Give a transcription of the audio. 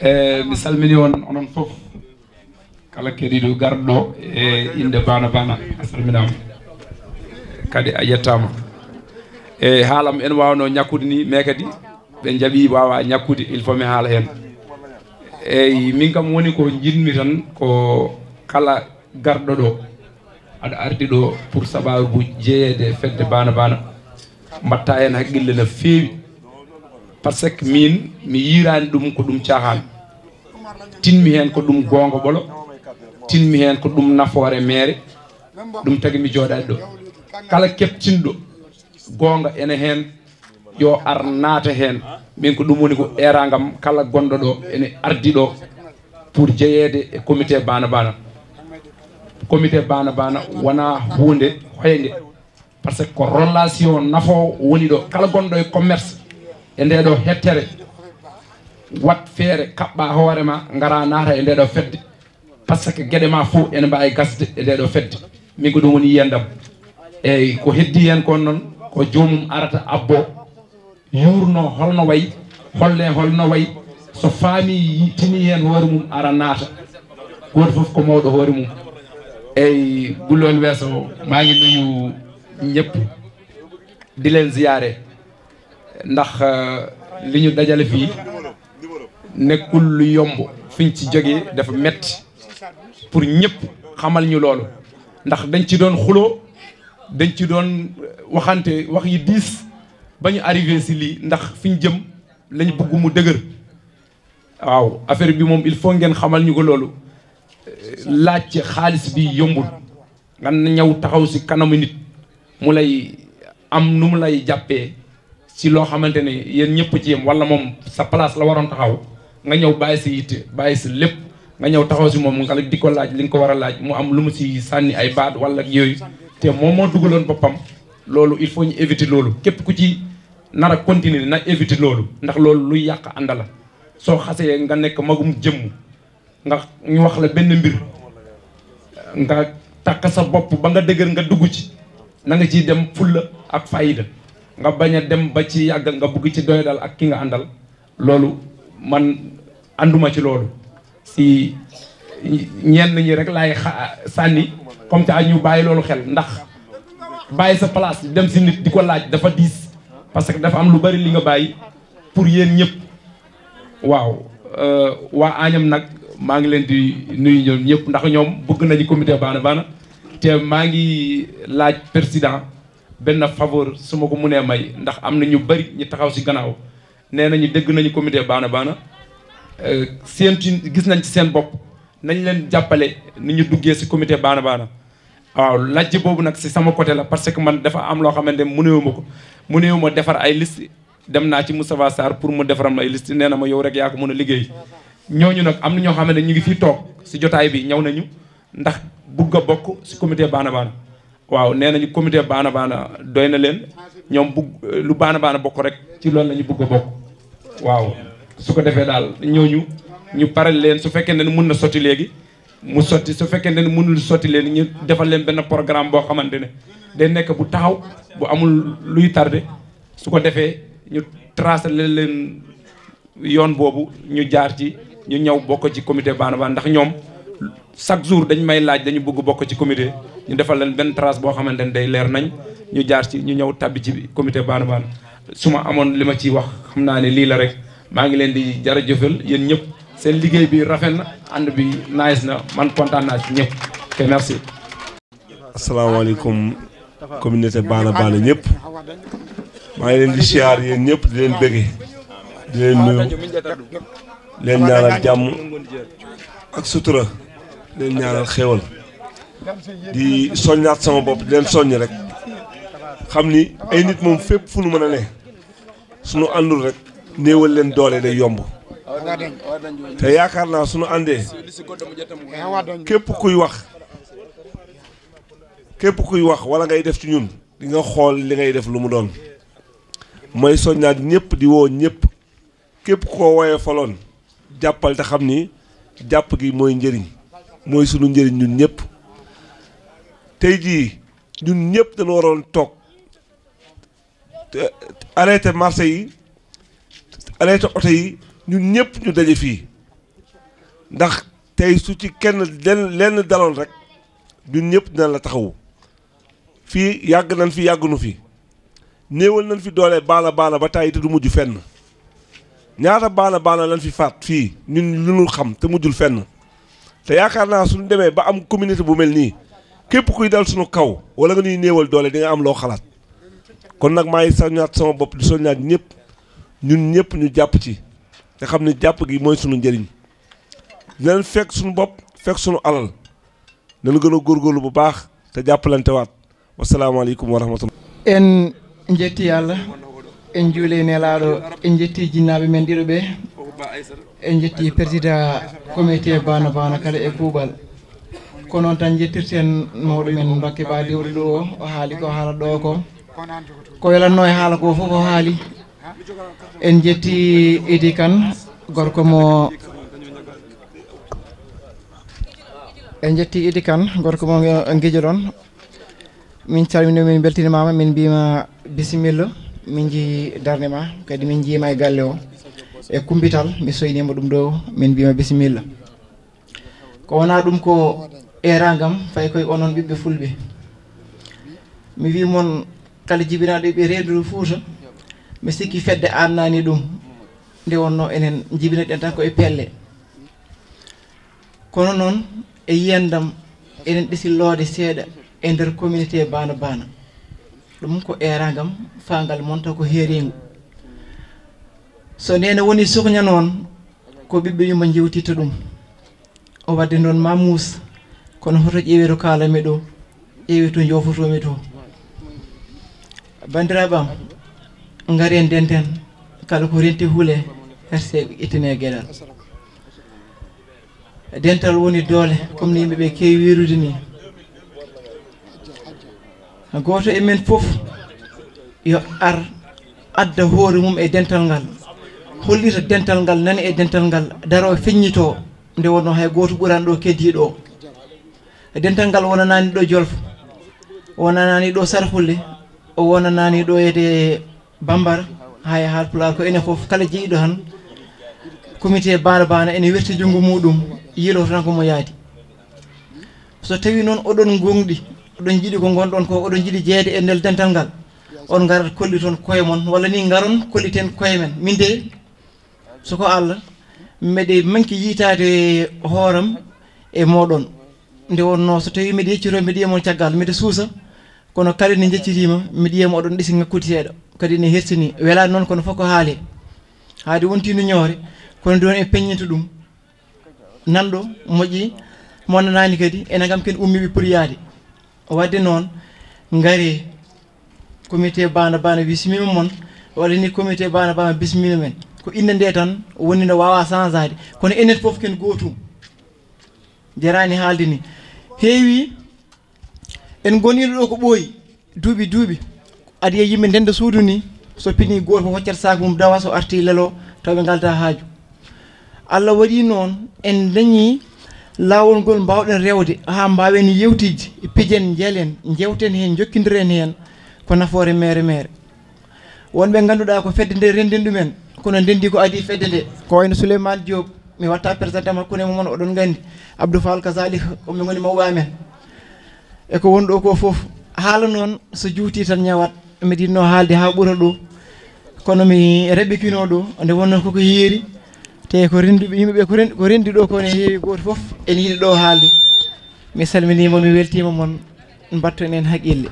e mi salmini on onon fof kala kedido garɗo e inde bana bana a salminama kadi a yettama e haalam en wawno ñakkude ni mais kadi ɓe jaaɓi wawa ñakkude il faut mi haala hen eyi min kam woni ko jinmi tan ko kala garɗo ɗo aɗa ardi ɗo pour sababu jeeyede fedde bana bana mbatta hen haqqille no fewi parce que min mi yirani ɗum ko ɗum cahan tinmi hen ko ɗum gonga ɓolo tinmi hen ko ɗum nafoore mere ɗum tagui mi jooɗani ɗo kala keptinɗo gonga ene hen yo ar naata hen min ko ɗum woni ko eragam kala gonɗo ɗo ene ardi ɗo pour jeeyede e comité bana bana comité bana bana wona hunde hoyde par ce que ko relation nafo woni ɗo kala gonɗo e commerce e nde ɗo hettere wat feere kaɓɓa hoore ma gara naata e nde ɗo fedde par ce que gueɗe ma fo ene mbawi gasde e nde ɗo fedde min ko ɗum woni yiyandam eyyi ko heddi hen kon noon ko jomum arata abbo yurno holno wayi holle holno wayi so faami tini hen hoore mum ara naata goto foof ko mawɗo hoore mum eyyi gullol weeso magui nuyu ñeppu dilen ziyare ndax euh, li ñu dajale fii nekkul lu yomb fiñ ci jógee dafa metti pour ñëpp xamal ñu loolu ndax dañ ci doon xuloo dañ ci doon euh, waxante wax yi diis ba ñu arrivé si lii ndax fi ñu jëm lañ bëgg mu dëgër waaw affaire bi moom il faut ngeen xamal ñu ko loolu euh, laaj ci xaalis bi yombul nga ñaw taxaw si kanamu nit mu lay am nu mu lay jàppee ci loo xamante ne yéen ñëpp ci yem wala moom sa place la waroon taxaw nga ñëw bàyyi si yitte bàyyi si lépp nga ñëw taxaw si moom nga di ko laaj li nga ko war a laaj mu am lu mu si sànni ay baat wala yooyu te moom moo dugaloon boppam loolu il faut ñu éviter loolu képp ku ci nar a continuer na éviter loolu ndax loolu luy yàq ànd la soo xasee nga nekk magum jëmm nga ñu wax la benn mbir nga takk sa bopp ba nga dëgër nga dugg ci na nga ciy dem fulla ak fayida nga bañ a dem ba ci yàggal nga bugg ci doy dal ak ki nga àndal loolu man ànduma ci loolu si ñenn ñi rek laay sànni comme ça ñu bàyyi loolu xel ndax bàyyi sa place dem si nit di ko laaj dafa diis parce que dafa am lu bari li nga bàyyi pour yéen ñëpp waaw euh, waa añam nag maa ngi leen di nuyu ñoom ñëpp ndax ñoom bëgg nañu comité baana baana te maa ngi laaj président benn faveur su ma ko nee may ndax am na ñu bëri ñu taxaw si gannaaw nee nañu dégg nañu comité baana baana euh, séentu gis nañ ci seen bopp nañ leen jàppale nu ñu duggee si comité baana baana. waaw lajj boobu nag si sama côté la parce que man dafa am loo xamante ne mëneewu ma ko mëneewu ma defar ay list dem naa ci Moustapha Sarr pour mu defaram ma ay liste nee na ma yow rek yaa ko mën a liggéey. ñooñu nag am na ñoo xam ne ñu ngi fii toog si jotaay bi ñëw nañu ndax bugg a bokk si comité baana baana. waaw nee nañu comité baana baana doy na leen ñoom bugg lu baana baana bokk rek ci loolu la ñu bugg a bokk waaw su ko defee daal ñooñu ñu pare leen su fekkee ne mun na sotti léegi mu sotti su fekkee ne mënul sotti leen ñu defal leen benn programme boo xamante ne day nekk bu taxaw bu amul luy tardé su ko defee ñu tracé leen yoon boobu ñu jaar ci ñu ñëw bokk ci comité baana baana ndax ñoom chaque jour dañ may laaj dañu bëgg bokk ci comité ñu defal leen benn trace boo xamante ne day leer nañ ñu jaar ci ñu ñëw tàbbi ci comité Baana Baana su ma amoon li ma ciy wax xam naa ne lii la rek maa ngi leen di jërëjëfal yéen ñëpp seen liggéey bi rafet na ànd bi nice na man kontaan naa ci ñëpp te merci. asalaamaaleykum communauté Baana Baana ñëpp maa ngi leen di siyaar yéen ñëpp di leen bëgge di leen nuyu leen ñaanal jàmm ak sutura leen ñaanal xéwal. di soññaat sama bopp di leen soññ rek xam ni ay nit moom fépp fu nu mën a ne suñu àndul rekk néewal leen doole day yomb te yaakaar naa suñu àndee képp kuy wax képp kuy wax wala ngay def ci ñun di nga xool li ngay def lu mu doon mooy soññaat ñëpp di woo ñëpp képp koo woyee foloon jàppal te xam ni jàpp gi mooy njëriñ mooy sunu njëriñ ñun ñëpp tey jii ñun ñëpp dañu waroon toog arrêté marché yi arrêté oto yi ñun ñëpp ñu daje fii ndax tey su ci kenn lenn lenn daloon rek ñun ñëpp na la taxawu fii yàgg nañ fi yàggunu fi néewal nañ fi doole baana baana ba tàyyi te du mujj fenn ñaata baana baana lañ fi faat fii ñun lu ñu xam te mujjul fenn te yaakaar naa su suñu demee ba am communauté bu mel nii képp kuy dal suñu kaw wala nga ñuy néewal doole di nga am loo xalaat kon nag maa ngi soññaat sama bopp di soññaat ñëpp ñun ñëpp ñu jàpp ci te xam ne jàpp gi mooy suñu njëriñ dinañ fekk suñu bopp fekk suñu alal nañu gën a góorgóorlu bu baax te jàppalante wasalaamaaleykum wa rahmatullah en njetti yalla en juuleynelaaɗo e en jetti jinnaaɓe men ɗiɗo ɓe en jetti président comité bana bana kala e kuuɓal Kono tan jettirten men dokke baadiwɗo wuri do o haali ko haalata do ko ko welanno e haala ko fof haali en jetti edikan, gorko mo en jetti idi kan gorko mo gijo min calmini min beltinimama min biima bismillah min ji darne ma kadi min jiima e galle o e kumbital mi mo dum do min biima bismillah ko wana dum ko erangam fay koye onon ɓiɓɓe fulɓe mi wi moon kala jibinaɗo ɓe reedude fuuta mi sikki fedde annani ɗum nde wonno enen jibinaɗen tan koye pelle kono noon e yiyandam enen ɗesilloode seeɗa e nder communauté e bano bana ɗum ko erangam fangal moon taw ko heeringu so ndene woni sukña noon ko ɓiɓɓe yuma jewtitta ɗum o wadde noon ma muusa kono hoto ƴeewe kalami ɗo ƴeewe to jofotomi to bandiraɓam ngari en denten kala ko renti huule herse ittane gueɗal dental woni doole comme no yimɓeɓe keewi wirude ni goto e men foof yo ar adda hoore mum e dental ngal hollita dental ngal nani e dental ngal daro feññito nde wonno hay goto ɓuranɗo ɗo keddiɗo o E dental ngal wonanani ɗo jolfo wonanani ɗo sarfulle o wonanani ɗo ede bambara hay e haal pulaar ko enen foof kala jeeyiɗo tan comité bana bana ene werti junngo muɗum yiilo tan komo yaadi so tawi noon oɗon gonɗi oɗon jiiɗi ko gonɗon ko oɗon jiiɗi jeeyde e ndel dental ngal on garat kolli toon koye mon walla ni garon kolliten koye men min de soko allah mbeɗe manki yiitade hooram e moɗon nde wonno so tawi mbiɗa yeccito mbiɗiyam yiyamo caggal mbiɗa suusa kono kadi ne jeccitima mbiɗiyam oɗon oɗon ɗisi seeɗa kadi ne hersini welani noon kono fof ko haale haade wontino ñoore kono don e peññinta ɗum nanɗo moƴƴi monnanani kadi ene kam kene ummiɓe pour yaade wadde noon gaare comité bana bana bisimima moon waɗani comité bana bana bisimina men ko inde nde tan woni nde wawa changade kono enen foof ken gotum jarani haalde ni heewi en goniɗo ɗo ko ɓooyi duuɓi duuɓi aɗa yiya yimɓe ndenda suudu ni so pini goto ko hoccata sac mum dawa so arti lelo taw ɓe ngalda haaju allah waɗi noon en dañi laawol ngol mbawɗen rewde ha mbawen yewtidde pijen jeelen jewten hen jokkidiren hen ko nafoore mere mere wonɓe ganduɗa ko fedde nde rendin ɗumen kono ndendi ko adi fedde nde ko wayno souleymane diob mi watta présenté makkunema moon oɗon gandi abdou fall kasalik komi goni mawɓe amen eko wonɗo ko foof haala noon so juuti tan ñawat mbiɗa yinno haalde ha ɓuura ɗo kono mi reɓɓikino ɗo nde wonno koko yeeri te ko renduɓe yimɓeɓe ko rendi ɗo kone heewi goto foof ene yiiɗi ɗo haalde mi salminimoon mi weltima moon mbatto enen haqqille